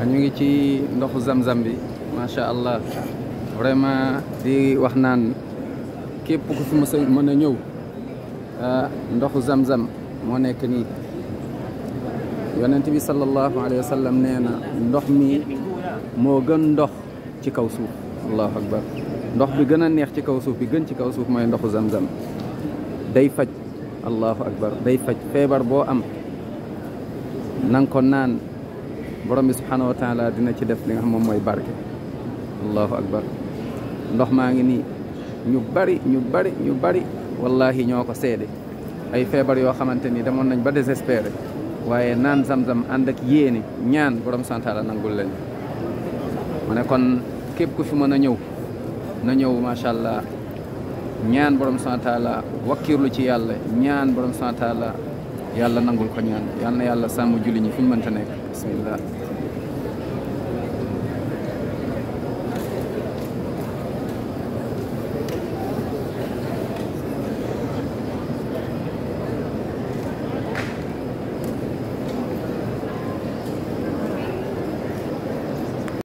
waaw ñu ngi ci ndoxu zam-zam bi macha allah vraiment di wax naan képp ku fi mës a mën a ñëw ah, ndoxu zam-zam moo nekk nii yonent bi sallallahu alayhi wa sallam nee ndox mi moo gën ndox ci kaw suuf allahu akbar ndox bi gën a neex ci kaw suuf bi gën ci kaw suuf mooy ndoxu zam-zam day faj allahu akbar day faj feebar boo am nanga ko naan borom bi subhaanahu wa taala dina ci def li nga xam moom mooy barke allahu akbar ndox maa ngi nii ñu bari ñu bari ñu bari wallahi ñoo ko seede ay feebar yoo xamante ni demoon nañ ba désespéré waaye naan zam-zam ànd ak yéene ñaan borom santaala nangul leen mu ne kon képp ku fi mën a ñëw na ñëw macha ñaan borom santaala wakkiirlu ci yàlla ñaan borom santaala yàlla nangul ko ñaan yàlla na yàlla sàmm julli ñi fi ñu mënta nekk bismillah